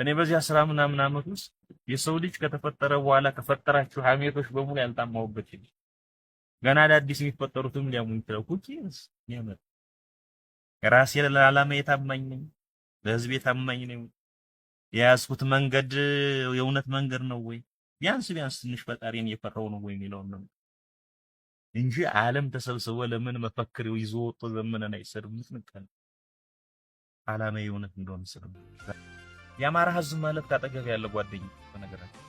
እኔ በዚህ አስራ ምናምን ዓመት ውስጥ የሰው ልጅ ከተፈጠረ በኋላ ከፈጠራችሁ ሀሜቶች በሙሉ ያልጣማሁበት ይል ገና አዳዲስ የሚፈጠሩትም ሊያሙ ይችላል። ኩኪስ የምር ራሴ ለዓላማ የታማኝ ነኝ፣ ለህዝብ የታማኝ ነኝ። የያዝኩት መንገድ የእውነት መንገድ ነው ወይ ቢያንስ ቢያንስ ትንሽ ፈጣሪን እየፈራው ነው ወይ የሚለውን ነው እንጂ ዓለም ተሰብስቦ ለምን መፈክር ይዞ ወጥቶ ዘመነን አይሰድም። ምትንቀል ዓላማ የእውነት እንደሆነ ስለምን የአማራ ህዝብ ማለት ካጠገቤ ያለ ጓደኛ በነገራችን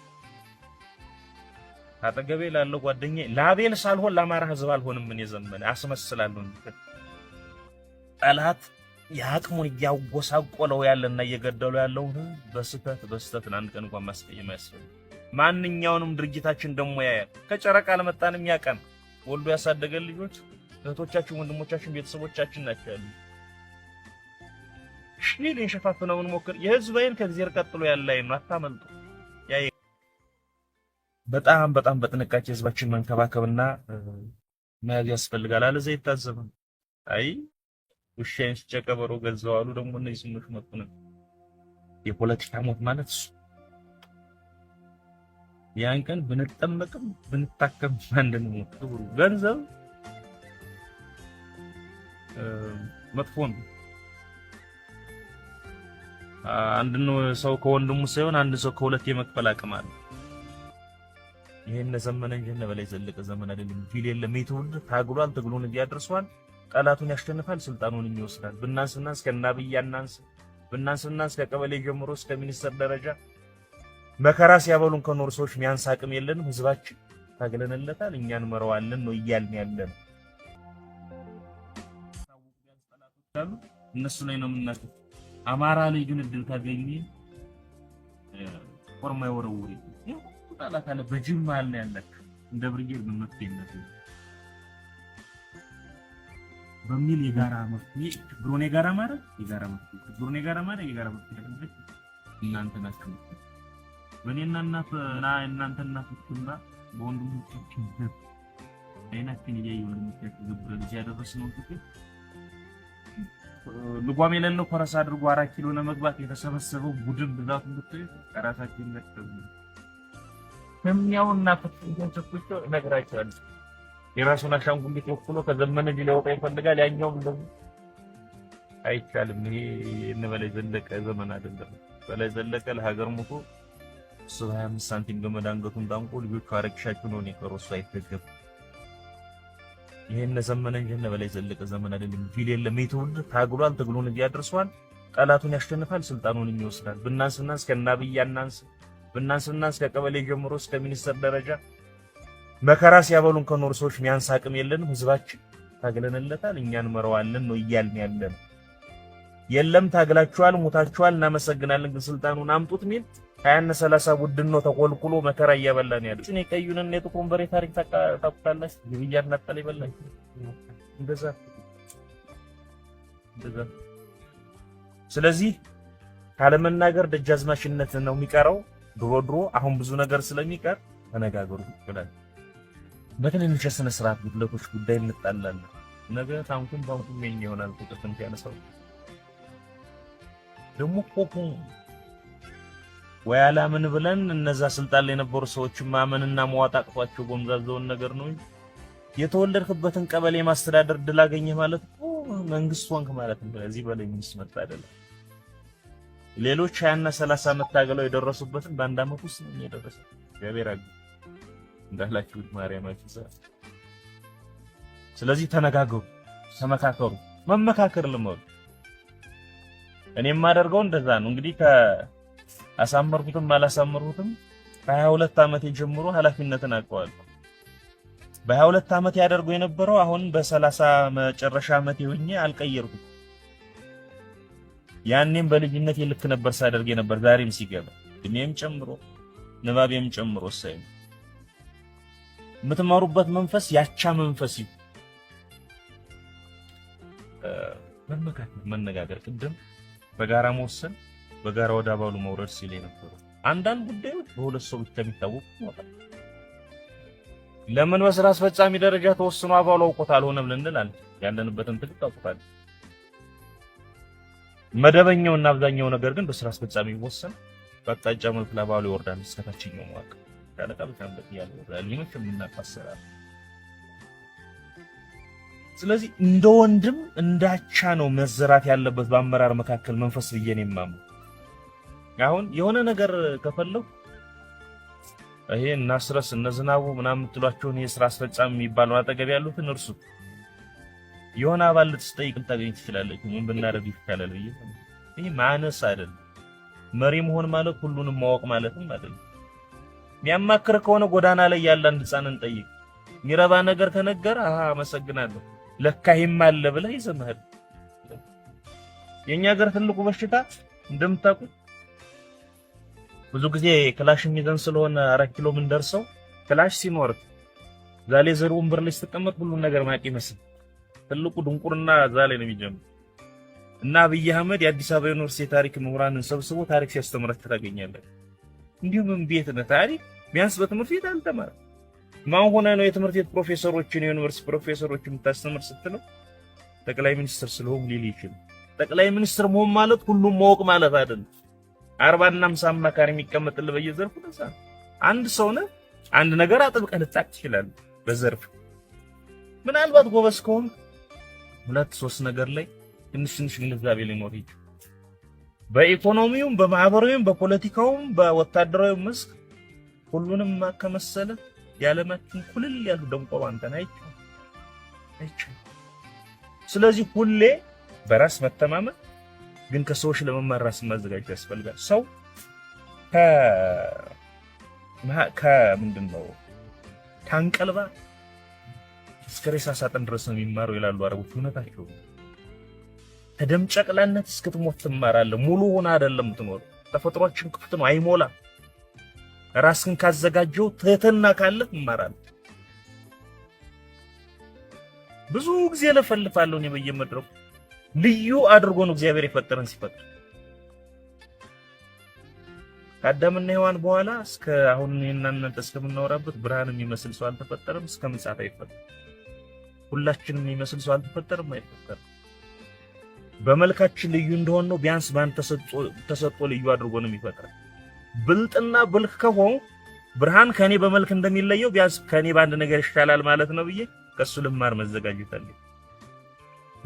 ካጠገቤ ላለው ጓደኛ ለአቤል ሳልሆን ለአማራ ህዝብ አልሆንም። ምን የዘመነ አስመስላለሁ። ጠላት የአቅሙን እያጎሳቆለው ያለና እየገደለው ያለው በስተት በስተት አንድ ቀን እንኳን ማስቀየም አያስፈልግም። ማንኛውንም ድርጅታችን ደግሞ ያያል። ከጨረቃ አልመጣንም። ያቀን ወልዶ ያሳደገን ልጆች እህቶቻችን፣ ወንድሞቻችን፣ ቤተሰቦቻችን ናቸው ያሉ ሺህ ልንሸፋፍነው እንሞክር። አይን ከዚህ ቀጥሎ ያለ አይኑ አታመልጡ። በጣም በጣም በጥንቃቄ ህዝባችን መንከባከብና መያዝ ያስፈልጋል። አለዛ ይታዘባል። አይ ውሻዬን ስጨ ቀበሮ ገዛው አሉ። ደግሞ እነዚህ ስሞች መጡ ነው የፖለቲካ ሞት ማለት እሱ። ያን ቀን ብንጠመቅም ብንታከም አንድንሞት ገንዘብ መጥፎ ነው። አንድ ሰው ከወንድሙ ሳይሆን አንድ ሰው ከሁለት የመክፈል አቅም አለ። ይሄን ዘመነ እንጂ እነ በላይ ዘለቀ ዘመን አይደለም። ፊል የለም። ትውልድ ታግሏል፣ ትግሉን እዚህ ያደርሷል። ጠላቱን ያሸንፋል፣ ስልጣኑን ይወስዳል። ብናንስ ብናንስ ከናብይ ያናንስ ብናንስ ብናንስ ከቀበሌ ጀምሮ እስከ ሚኒስትር ደረጃ መከራ ሲያበሉን ከኖር ሰዎች ሚያንስ አቅም የለንም። ህዝባችን ታግለንለታል፣ እኛን መረዋለን ነው እያልን ያለን እነሱ ላይ ነው የምናስብ አማራ ላይ እድል ታገኝ ፎርማ የወረውሪ ጠላት አለ በጅማ አለ ያለክ እንደ ብርጌድ በመፍትሄነት በሚል የጋራ መፍትሄ ችግሩን የጋራ ማድረግ የጋራ መፍትሄ ችግሩን የጋራ ማድረግ የጋራ መፍትሄ እናንተ ናችሁ በእኔና እናት እና እናንተ እናቶችና በወንድሞቻችን አይናችን እያየሁ ወንድሞቻችን ግብረ ልጅ ያደረስነው ትክክል ልጓም የሌለው ኮረሳ አድርጎ አራት ኪሎ ለመግባት የተሰበሰበው ቡድን ብዛት ምት ራሳችን ነጥብ ከሚያውና ፍትህን ተኩቶ ነግራቸዋል። የራሱን አሻንጉሊት ወክሎ ከዘመነ ሊያወጣ ይፈልጋል። ያኛው ደግሞ አይቻልም። ይሄ እነ በላይ ዘለቀ ዘመን አይደለም። በላይ ዘለቀ ለሀገር ሞቶ እሱ 25 ሳንቲም ገመድ አንገቱን ዳንቆ ልጆቹ አረግሻቸው ነው ኔ ከሮሱ አይተገብ ይሄን ዘመነ እንጂ በላይ ዘለቀ ዘመን አይደለም። ፊል የለም። የትውልድ ታግሏል፣ ትግሉን ያደርሰዋል፣ ጠላቱን ያሸንፋል፣ ስልጣኑን ይወስዳል። ብናንስና እስከ ከናብያ እናንስ ብናንስና እስከ ከቀበሌ ጀምሮ እስከ ሚኒስትር ደረጃ መከራ ሲያበሉን ከኖር ሰዎች ሚያንስ አቅም የለንም። ህዝባችን ታግለንለታል፣ እኛን መረዋለን ነው እያልን ያለን። የለም ታግላችኋል፣ ሞታችኋል፣ እናመሰግናለን፣ ግን ስልጣኑን አምጡት ሚል ሀያና ሰላሳ ቡድን ነው ተቆልቁሎ መከራ እያበላ ነው ያለው። እኔ ቀዩንና የጥቁሩን በሬ ታሪክ ታውቃለሽ? ግብያ እናጠል ይበላል። እንደዛ እንደዛ። ስለዚህ ካለመናገር ደጃዝማሽነት ነው የሚቀረው። ድሮ ድሮ አሁን ብዙ ነገር ስለሚቀር ተነጋገሩ ይችላል። በትንንሽ ስነ ስርዓት ጉድለቶች ጉዳይ እንጣላለን። ነገ ታንኩም ባንኩም የኛ ይሆናል። ትንት ያነሳው ደግሞ ኮኩም ወይ አላምን ብለን እነዛ ስልጣን ላይ የነበሩ ሰዎች ማመንና መዋጥ አቅፏቸው ጎምዛዘውን ነገር ነው እንጂ የተወለድክበትን ቀበሌ ማስተዳደር ድል አገኘህ ማለት መንግስት ወንክ ማለት ነው። እዚህ በላይ ምንስ መጣ አይደለም። ሌሎች ሀያና ሰላሳ ዓመት ታገለው የደረሱበትን በአንድ አመት ውስጥ ነው የደረሰው። እግዚአብሔር አግ እንዳላችሁት ማርያም ዘ ስለዚህ ተነጋገሩ፣ ተመካከሩ። መመካከር ልመዱ። እኔ የማደርገው እንደዛ ነው እንግዲህ አሳመርኩትም አላሳመርኩትም ከ22 ዓመቴ ጀምሮ ኃላፊነትን አውቀዋለሁ። በ22 ዓመቴ ያደርጉ የነበረው አሁን በ30 መጨረሻ ዓመቴ ሆኜ አልቀየርኩም። ያኔም በልዩነት ልክ ነበር ሳደርግ ነበር። ዛሬም ሲገባ እድሜም ጨምሮ ንባቤም ጨምሮ ሳይ የምትማሩበት መንፈስ ያቻ መንፈስ ይሁን መመካከል፣ መነጋገር፣ ቅድም በጋራ መወሰን በጋራ ወደ አባሉ መውረድ ሲል የነበሩ አንዳንድ ጉዳዮች በሁለት ሰው ብቻ የሚታወቁ ለምን በስራ አስፈጻሚ ደረጃ ተወስኖ አባሉ አውቆት አልሆነም ልንል አለ። ያለንበትን ትልቅ ታውቁታል። መደበኛውና አብዛኛው ነገር ግን በስራ አስፈጻሚ ይወሰን በአቅጣጫ መልክ ለአባሉ ይወርዳል። እስከታችኛው መዋቅር ሻለቃ በሻምበት ያለ ሊምክ የምናቃሰራ ስለዚህ እንደ ወንድም እንዳቻ ነው መዘራት ያለበት በአመራር መካከል መንፈስ ብዬን የማምኑ አሁን የሆነ ነገር ከፈለው ይሄ እናስረስ እነዝናቡ ምናምን የምትሏቸውን የስራ አስፈጻሚ የሚባለው አጠገብ ያሉትን እርሱ የሆነ አባል ልትስጠይቅ ልታገኝ ትችላለች። ምን ብናደርግ ይቻላል ብዬ ይህ ማነስ አይደለም። መሪ መሆን ማለት ሁሉንም ማወቅ ማለትም አይደለም። የሚያማክር ከሆነ ጎዳና ላይ ያለ አንድ ህፃንን ጠይቅ። የሚረባ ነገር ከነገረ አ አመሰግናለሁ ለካ ይህም አለ ብለህ ይዘመሃል። የእኛ ሀገር ትልቁ በሽታ እንደምታውቁት ብዙ ጊዜ ክላሽ የሚዘን ስለሆነ አራት ኪሎ ምን ደርሰው ክላሽ ሲኖር ዛሌ ዘር ወንበር ላይ ስትቀመጥ ሁሉን ነገር ማያውቅ ይመስል ትልቁ ድንቁርና ዛሌ ነው የሚጀምር እና አብይ አህመድ የአዲስ አበባ ዩኒቨርሲቲ የታሪክ ምሁራንን ሰብስቦ ታሪክ ሲያስተምራት ታገኛለን። እንዲሁም ቤት ነው ታሪክ ቢያንስ በትምህርት ቤት አልተማረ ማን ሆነ ነው የትምህርት ቤት ፕሮፌሰሮችን የዩኒቨርሲቲ ፕሮፌሰሮችን የምታስተምር ስትለው ጠቅላይ ሚኒስትር ስለሆኑ ሊል ይችላል። ጠቅላይ ሚኒስትር መሆን ማለት ሁሉም ማወቅ ማለት አይደለም። አርባና አምሳ አማካሪ የሚቀመጥልህ በየዘርፉ ለዛ አንድ ሰው ነህ። አንድ ነገር አጥብቀህ ልታቅ ትችላለህ። በዘርፍ ምናልባት ጎበዝ ከሆን ሁለት ሶስት ነገር ላይ ትንሽ ትንሽ ግንዛቤ ሊኖር ይችላል። በኢኮኖሚውም፣ በማህበራዊም፣ በፖለቲካውም በወታደራዊ መስክ ሁሉንም ማከመሰለ የዓለማችን ኩልል ያሉ ደንቆሮ አንተን አይቻልም። ስለዚህ ሁሌ በራስ መተማመን ግን ከሰዎች ለመመራት መዘጋጀት ያስፈልጋል። ሰው ከምንድን ነው ታንቀልባ እስከ ሬሳ ሳጥን ድረስ ነው የሚማረው ይላሉ አረቦች። እውነታቸው ከደም ጨቅላነት እስክትሞት ትማራለህ። ሙሉ ሆነ አይደለም ትኖር። ተፈጥሯችን ክፍት ነው አይሞላ። ራስን ካዘጋጀው ትህትና ካለ ትማራለህ። ብዙ ጊዜ ለፈልፋለሁ እኔ በየመድረኩ ልዩ አድርጎ ነው እግዚአብሔር የፈጠረን። ሲፈጥር ከአዳምና ሔዋን በኋላ እስከ አሁን እኔና እናንተ እስከምናወራበት ብርሃን የሚመስል ሰው አልተፈጠረም። እስከ ምጽአት አይፈጠርም። ሁላችንም የሚመስል ሰው አልተፈጠረም፣ አይፈጠርም። በመልካችን ልዩ እንደሆን ነው። ቢያንስ ባን ተሰጥቶ ልዩ አድርጎ ነው የሚፈጥረን። ብልጥና ብልክ ከሆን ብርሃን ከኔ በመልክ እንደሚለየው ቢያንስ ከኔ በአንድ ነገር ይሻላል ማለት ነው ብዬ ከሱ ልማር መዘጋጀት አለኝ።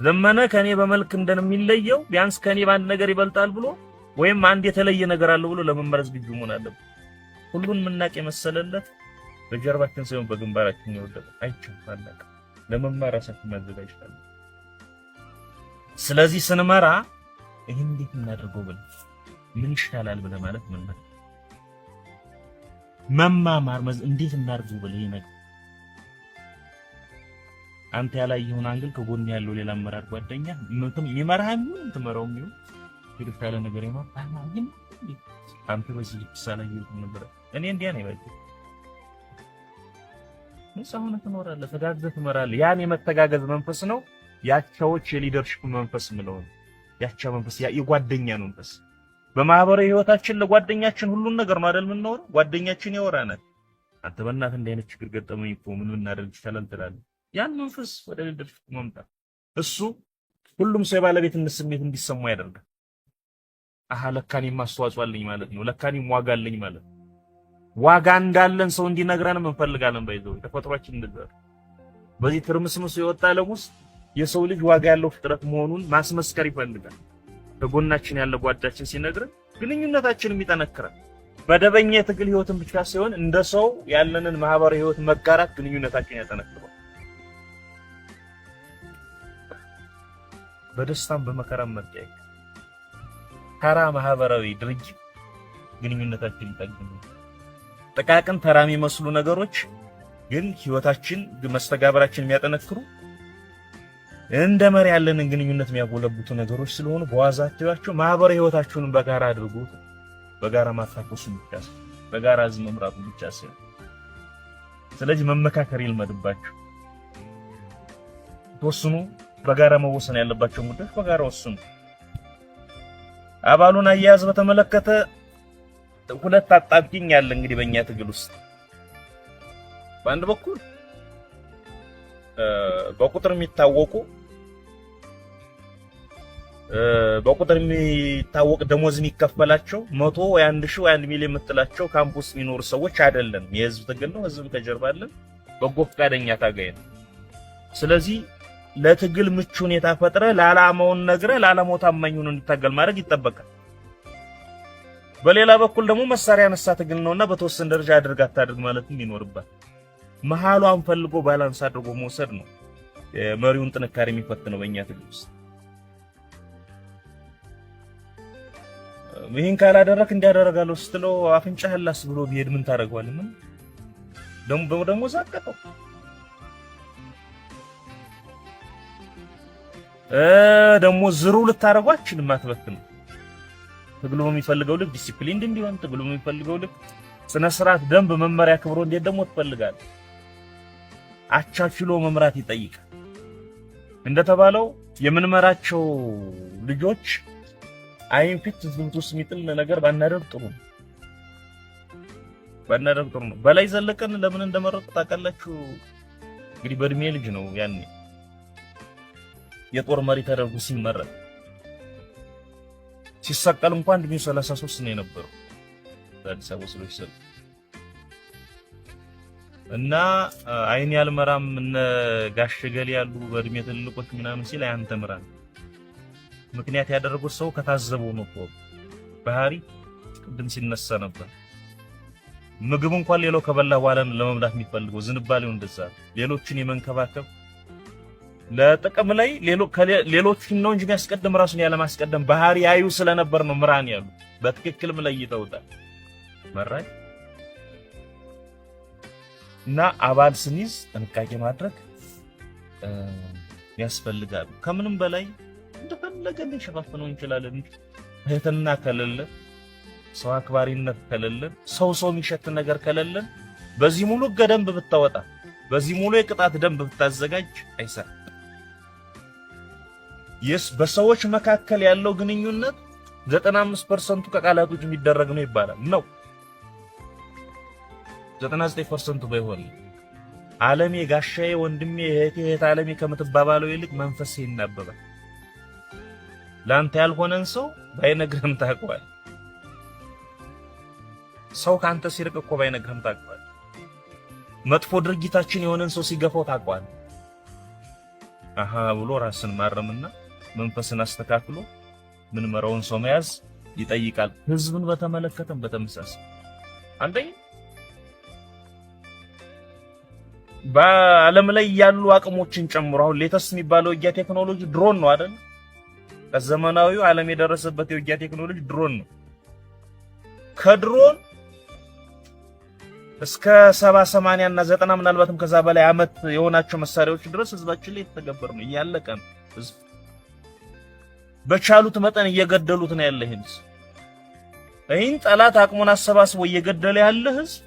ዘመነ ከኔ በመልክ እንደሚለየው ቢያንስ ከኔ በአንድ ነገር ይበልጣል ብሎ ወይም አንድ የተለየ ነገር አለው ብሎ ለመመረዝ ግጁ መሆን አለብን። ሁሉን ምናቅ የመሰለለት በጀርባችን ሳይሆን በግንባራችን ይወደቅ አይችም ማለት ለመማር ራሳችን ማዘጋጅታል። ስለዚህ ስንመራ ይህን እንዴት እናደርገው ብለ ምን ይሻላል ብለ ማለት ምን መማማር እንዴት እናድርገው ብለ ይሄ አንተ ያላየኸውን አንግል ከጎን ያለው ሌላ አመራር ጓደኛ ምንም ይመራህም ምንም ትመራውም ይሁን ትርፍ ያለ ነገር አንተ በዚህ ልክ እኔ እንዲያ ነው ሆነ ተጋግዘህ ትመራለህ። ያን የመተጋገዝ መንፈስ ነው ያቻዎች የሊደርሺፕ መንፈስ ምለው ያቻ መንፈስ ያ የጓደኛ መንፈስ በማህበራዊ ህይወታችን ለጓደኛችን ሁሉን ነገር ነው አይደል የምናወራው። ጓደኛችን ያወራናል። አንተ በእናትህ እንዲህ አይነት ችግር ገጠመኝ እኮ ምን እናደርግ ይቻላል ትላለህ ያን መንፈስ ወደ ልደት መምጣት እሱ ሁሉም ሰው የባለቤትነት ስሜት እንዲሰማ ያደርጋል። አሃ ለካኔም አስተዋጽኦ አለኝ ማለት ነው። ለካኔም ዋጋ አለኝ ማለት ነው። ዋጋ እንዳለን ሰው እንዲነግረንም እንፈልጋለን። ባይዘው ተፈጥሯችን እንደዛ። በዚህ ትርምስምሱ የወጣ ዓለም ውስጥ የሰው ልጅ ዋጋ ያለው ፍጥረት መሆኑን ማስመስከር ይፈልጋል። ከጎናችን ያለ ጓዳችን ሲነግረን ግንኙነታችንም ይጠነክራል። መደበኛ የትግል ህይወትን ብቻ ሳይሆን እንደ ሰው ያለንን ማህበራዊ ህይወት መጋራት ግንኙነታችን ያጠነክራል። በደስታም በመከራም መጠየቅ ተራ ማህበራዊ ድርጊት ግንኙነታችን ይጠግናል። ጥቃቅን ተራ የሚመስሉ ነገሮች ግን ህይወታችን መስተጋብራችን የሚያጠነክሩ እንደ መሪ ያለንን ግንኙነት የሚያጎለብቱ ነገሮች ስለሆኑ በዋዛ አትያቸው። ማህበራዊ ህይወታችሁንም በጋራ አድርጉ። በጋራ ማታኮሱ ብቻ በጋራ ህዝብ መምራቱ ብቻ ሳይሆን ስለዚህ መመካከር ይልመድባችሁ ተወስኑ በጋራ መወሰን ያለባቸውን ጉዳዮች በጋራ ወስኑ። አባሉን አያያዝ በተመለከተ ሁለት አጣብቂኝ ያለ እንግዲህ በእኛ ትግል ውስጥ በአንድ በኩል በቁጥር የሚታወቁ በቁጥር የሚታወቅ ደሞዝ የሚከፈላቸው መቶ ወይ አንድ ሺህ ወይ አንድ ሚሊዮን የምትላቸው ካምፕ የሚኖሩ ሰዎች አይደለም። የህዝብ ትግል ነው። ህዝብ ከጀርባ አለን። በጎ ፈቃደኛ ታጋይ ነው። ስለዚህ ለትግል ምቹ ሁኔታ ፈጥረ ለዓላማውን ነግረ ለዓላማው ታማኝ ሆኖ እንዲታገል ማድረግ ይጠበቃል። በሌላ በኩል ደግሞ መሳሪያ ነሳ ትግል ነውና በተወሰነ ደረጃ አድርግ አታድርግ ማለትም ይኖርባል። መሃሏን ፈልጎ ባላንስ አድርጎ መውሰድ ነው የመሪውን ጥንካሬ የሚፈትነው በእኛ ትግል ውስጥ። ይህን ካላደረክ እንዲያደረጋለሁ ስትለው አፍንጫህን ላስ ብሎ ቢሄድ ምን ታደርገዋለህ? ምን ደግሞ ደግሞ ዛቀጠው ደግሞ ዝሩ ልታረጓችን ማትበክም ትግሉ የሚፈልገው ልክ ዲሲፕሊን እንዲሆን ትግሉ የሚፈልገው ልክ ስነ ስርዓት፣ ደንብ፣ መመሪያ ክብሮ እንዴት ደግሞ ትፈልጋል። አቻችሎ መምራት ይጠይቃል። እንደተባለው የምንመራቸው ልጆች አይን ፊት ዝምት ውስጥ የሚጥል ነገር ባናደርግ ጥሩ ነው። ባናደርግ ጥሩ ነው። በላይ ዘለቀን ለምን እንደመረጡ ታውቃላችሁ። እንግዲህ በእድሜ ልጅ ነው ያኔ የጦር መሪ ተደርጎ ሲመረጥ ሲሰቀል እንኳን እድሜው 33 ነው የነበረው በአዲስ አበባ ሰዎች ሰው እና አይን ያልመራም እነ ጋሽ ገሌ ያሉ በእድሜ ትልቆች ምናምን ሲል አንተ ምራን ምክንያት ያደረጉት ሰው ከታዘበው ነው እኮ ባህሪ ቅድም ሲነሳ ነበር። ምግብ እንኳን ሌላው ከበላ በኋላ ለመብላት የሚፈልገው ዝንባሌው እንደዛ ሌሎችን የመንከባከብ ለጥቅም ላይ ሌሎችን ነው እንጂ የሚያስቀድም ራሱን ያለማስቀደም ባህሪ ያዩ ስለነበር ነው ምራን ያሉ በትክክልም ለይተውታል። መራኝ እና አባል ስንይዝ ጥንቃቄ ማድረግ ያስፈልጋሉ። ከምንም በላይ እንደፈለገ ልንሸፋፍነው እንችላለን እንጂ እህትና ከሌለን፣ ሰው አክባሪነት ከለለን ሰው ሰው የሚሸት ነገር ከለለን በዚህ ሙሉ ደንብ ብታወጣ፣ በዚህ ሙሉ የቅጣት ደንብ ብታዘጋጅ አይሰራም። በሰዎች መካከል ያለው ግንኙነት 95 ፐርሰንቱ ከቃላት ውጭ የሚደረግ ነው ይባላል። ነው 99 ፐርሰንቱ ባይሆን አለሜ፣ ጋሻዬ፣ ወንድሜ፣ እህቴ፣ እህት አለሜ ከምትባባለው ይልቅ መንፈስ ይናበባል። ለአንተ ያልሆነን ሰው ባይነግርህም ታውቀዋል። ሰው ከአንተ ሲርቅ እኮ ባይነግርህም ታውቀዋል። መጥፎ ድርጊታችን የሆነን ሰው ሲገፋው ታውቀዋል። አሃ ብሎ ራስን ማረምና መንፈስን አስተካክሎ ምንመራውን ሰው መያዝ ይጠይቃል። ህዝብን በተመለከተም በተመሳሳይ አንደኛ በዓለም ላይ ያሉ አቅሞችን ጨምሮ አሁን ሌተስት የሚባለው የውጊያ ቴክኖሎጂ ድሮን ነው አይደል? ከዘመናዊው ዓለም የደረሰበት የውጊያ ቴክኖሎጂ ድሮን ነው። ከድሮን እስከ 70 80 እና 90 ምናልባትም ከዛ በላይ አመት የሆናቸው መሳሪያዎች ድረስ ህዝባችን ላይ የተገበረ ነው። እያለቀ ነው ህዝብ በቻሉት መጠን እየገደሉት ነው ያለ ይህን ህዝብ። ይህን ጠላት አቅሙን አሰባስቦ እየገደለ ያለ ህዝብ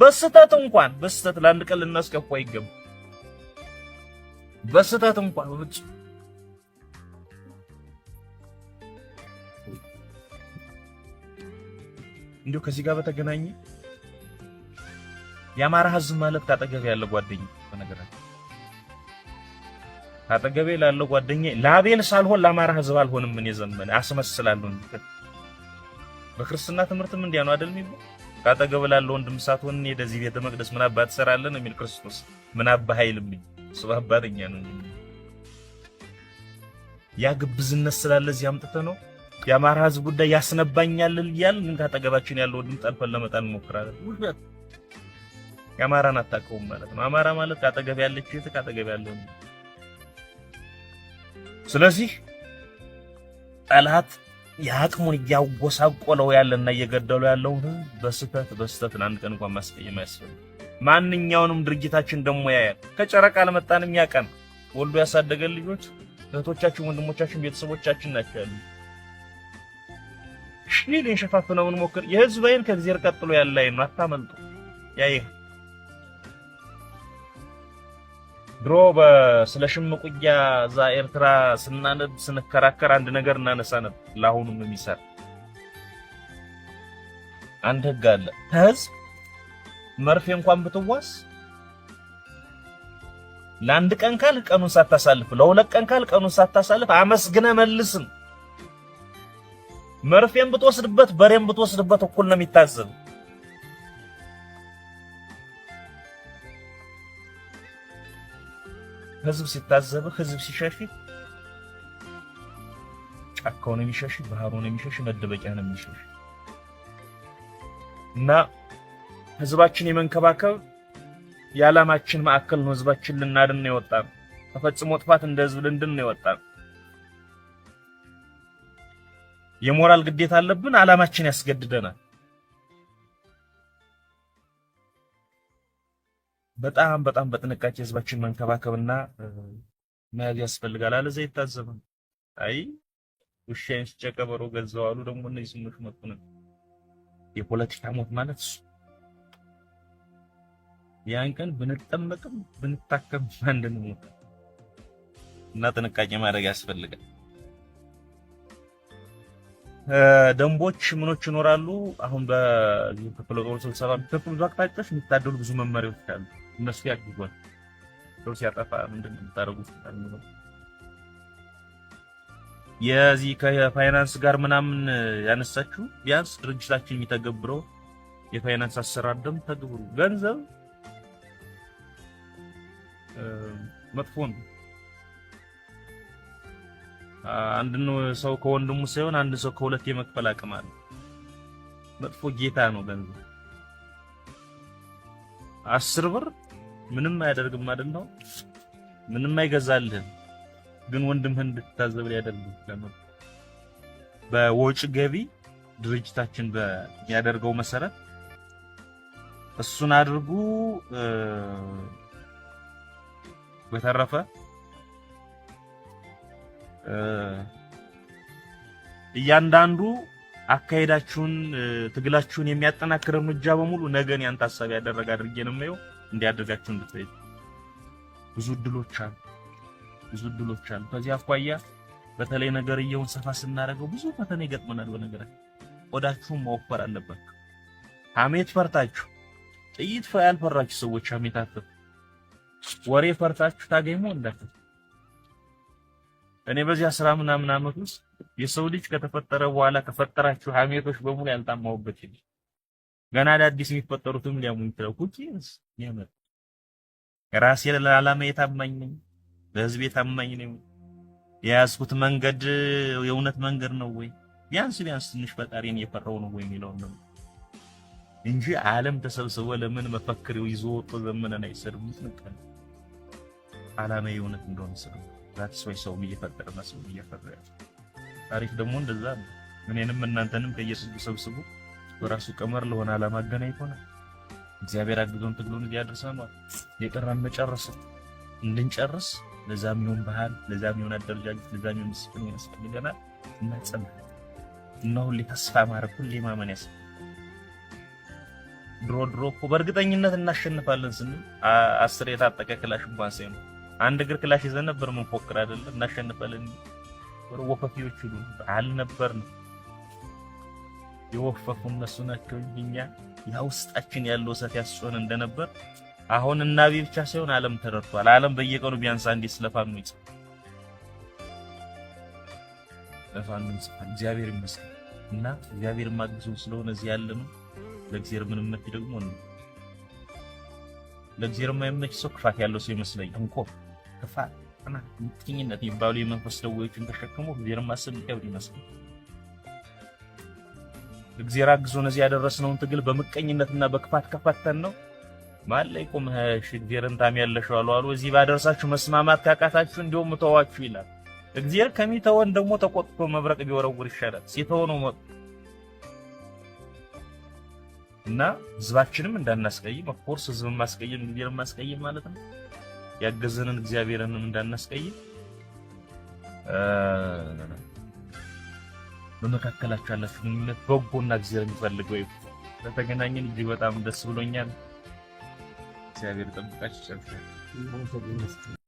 በስተት እንኳን በስተት ለአንድ ቀን ልናስከፋ ይገባ በስተት እንኳን ወጭ እንዲሁ ከዚህ ጋር በተገናኘ የአማራ ህዝብ ማለት ታጠገብ ያለ ጓደኛ በነገራችን አጠገቤ ላለው ጓደኛዬ ላቤል ሳልሆን ለአማራ ህዝብ አልሆንም። ምን የዘመነ አስመስላሉ። እንዴ በክርስትና ትምህርትም እንዲያ ነው አይደል የሚባል ካጠገብ ላለው ወንድም ሳትሆን እኔ ወደዚህ ቤተ መቅደስ ምን አባ ትሰራለን የሚል ክርስቶስ ምን አባ ኃይልም እሱ አባተኛ ነው። ያ ግብዝነት ስላለ እዚህ አምጥተህ ነው የአማራ ህዝብ ጉዳይ ያስነባኛል እያልን ምን ካጠገባችን ያለው ወንድም ጠልፈን ለመጣል እንሞክራለን። የአማራን አታውቀውም ማለት ነው። አማራ ማለት ካጠገብ ያለች ቤት ካጠገብ ያለው ስለዚህ ጠላት የአቅሙን እያጎሳቆለው ያለና እየገደሉ ያለውን በስተት በስተት ለአንድ ቀን እንኳን ማስቀየም አያስፈልግም። ማንኛውንም ድርጊታችን ደግሞ ያያል። ከጨረቃ አልመጣንም። ያቀን ወልዶ ያሳደገን ልጆች እህቶቻችን፣ ወንድሞቻችን፣ ቤተሰቦቻችን ናቸው ያሉ ሺህ ልንሸፋፍነውን ሞክር የህዝብ አይን ከእግዚአብሔር ቀጥሎ ያለ አይ ነው። አታመልጡ ያይህ ድሮ ስለ ሽምቁያ እዛ ኤርትራ ስናነብ ስንከራከር አንድ ነገር እናነሳ ነበር። ለአሁኑም የሚሰራ አንድ ህግ አለ። ከህዝብ መርፌ እንኳን ብትዋስ ለአንድ ቀን ካል ቀኑን ሳታሳልፍ፣ ለሁለት ቀን ካል ቀኑን ሳታሳልፍ አመስግነ መልስም። መርፌን ብትወስድበት በሬን ብትወስድበት እኩል ነው የሚታዘብ ህዝብ ሲታዘበ፣ ህዝብ ሲሸሽ ጫካው ነው የሚሸሽ፣ ባህሩ ነው የሚሸሽ፣ መደበቂያ ነው የሚሸሽ እና ህዝባችን የመንከባከብ የዓላማችን ማዕከል ነው። ህዝባችን ልናድን ነው የወጣን። ተፈጽሞ ጥፋት እንደ ህዝብ ልንድን ነው የወጣን። የሞራል ግዴታ አለብን። ዓላማችን ያስገድደናል። በጣም በጣም በጥንቃቄ ህዝባችን መንከባከብና መያዝ ያስፈልጋል። አለዚያ ይታዘባል። አይ ውሻዬን ስጨ ከበሮ ገዛው አሉ ደግሞ እነዚህ ስሞች መጡ ነው። የፖለቲካ ሞት ማለት እሱ ያን ቀን ብንጠመቅም ብንታከም ሞት እና ጥንቃቄ ማድረግ ያስፈልጋል። ደንቦች ምኖች ይኖራሉ። አሁን በዚህ ክፍለ ጦር ስብሰባ ብዙ አቅጣጫዎች የሚታደሉ ብዙ መመሪያዎች አሉ። እነሱ ያግዟል። ሰው ሲያጠፋ ምንድን ነው የምታደርጉት? የዚህ ከፋይናንስ ጋር ምናምን ያነሳችሁ ቢያንስ ድርጅታችን የሚተገብረው የፋይናንስ አሰራር ደም ተግብሩ። ገንዘብ መጥፎ ነው። አንድ ሰው ከወንድሙ ሳይሆን አንድ ሰው ከሁለት የመክፈል አቅም አለ። መጥፎ ጌታ ነው ገንዘብ አስር ብር ምንም አያደርግም ማለት ነው። ምንም አይገዛልህም፣ ግን ወንድምህን እንድትታዘብ ሊያደርግ ይችላል። ገቢ ድርጅታችን በሚያደርገው መሰረት እሱን አድርጉ። በተረፈ እያንዳንዱ አካሄዳችሁን፣ ትግላችሁን የሚያጠናክር እርምጃ በሙሉ ነገን ያን ታሳቢ ያደረገ አድርጌ ነው የማየው። እንዲያደርጋችሁ እንድትረዱ ብዙ እድሎች አሉ። ብዙ እድሎች አሉ። ከዚህ አኳያ በተለይ ነገርየውን ሰፋ ስናደርገው ብዙ ፈተና ይገጥመናል። በነገራችን ቆዳችሁን መወፈር አለበት። ሐሜት ፈርታችሁ ጥይት ያልፈራችሁ ሰዎች ሐሜት አትፈሩ። ወሬ ፈርታችሁ ታገኝሞ እንዳት እኔ በዚህ አስራ ምናምን ዓመት ውስጥ የሰው ልጅ ከተፈጠረ በኋላ ከፈጠራችሁ ሐሜቶች በሙሉ ያልጣማሁበት ይል ገና አዳዲስ የሚፈጠሩትም ሊያሙ ይችላል። ኩኪስ የምር ራሴ ለዓላማ የታማኝ ነኝ፣ ለህዝብ የታማኝ ነኝ። የያዝኩት መንገድ የእውነት መንገድ ነው ወይ ቢያንስ ቢያንስ ትንሽ ፈጣሪን እየፈራው ነው ወይ የሚለው ነው እንጂ ዓለም ተሰብስቦ ለምን መፈክር ይዞ ወጥቶ ዘመነን አይሰድም። ይትነቀል ዓላማ የእውነት እንደሆነ ሰው ዛትስ ወይ ሰው እየፈጠረ ነው ሰው እየፈጠረ ታሪክ ደግሞ እንደዛ ነው። እኔንም እናንተንም ከኢየሱስ ሰብስቡ በራሱ ቀመር ለሆነ ዓላማ አገናኝቶን እግዚአብሔር አግዞን ትግሉን እያደረሰን ነው። የቀረን መጨረስ እንድንጨርስ ለዛም ይሁን ባህል ለዛም ይሁን አደረጃጀት ለዛም ይሁን ስቅን ያስፈልገናል እና ጽና እና ሁሌ ተስፋ ማድረግ ሁሌ ማመን ያስ ድሮ ድሮ እኮ በእርግጠኝነት እናሸንፋለን ስንል አስር የታጠቀ ክላሽ እንኳን ሳይሆን አንድ እግር ክላሽ ይዘን ነበር። ምን ፎክር አይደለም እናሸንፋለን ወፈፊዎች ይሉ አልነበርንም የወፈፉ እነሱ ናቸው እንጂ እኛ ያ ውስጣችን ያለው እሳት ያስጮን እንደነበር አሁን እናቢ ብቻ ሳይሆን ዓለም ተረድቷል። ዓለም በየቀኑ ቢያንስ አንዴ ስለፋኖ ይጽፋል፣ ለፋኖ ይጽፋል። እግዚአብሔር ይመስገን እና እግዚአብሔር ማግዘው ስለሆነ እዚህ ያለ ነው። ለእግዚአብሔር ምን መት ደግሞ ነው ለእግዚአብሔር የማይመች ሰው ክፋት ያለው ሰው ይመስለኝ እንኮ ክፋት እና ምቀኝነት የሚባሉ የመንፈስ ደዌዎችን ተሸክሞ እግዚአብሔር ማሰብ ይከብድ ይመስለኛል። እግዜር አግዞን እዚህ ያደረስነውን ትግል በምቀኝነትና በክፋት ከፈተን ነው ማለይ ቁምሽ እግዜርን እንታም ያለሽው አሉ አሉ እዚህ ባደረሳችሁ መስማማት ካቃታችሁ እንዲሁም ተዋችሁ ይላል። እግዜር ከሚተወን ደግሞ ተቆጥቶ መብረቅ ቢወረውር ይሻላል። ሲተው ነው ሞት እና ህዝባችንም እንዳናስቀይም ኦፍኮርስ ህዝብን ማስቀይም እግዜርን ማስቀይም ማለት ነው። ያገዘንን እግዚአብሔርንም እንዳናስቀይም በመካከላችሁ ያላችሁ ግንኙነት በጎና ጊዜ የሚፈልገው ወይ በተገናኘን እጅግ በጣም ደስ ብሎኛል። እግዚአብሔር ጠብቃችሁ ጨርሻል።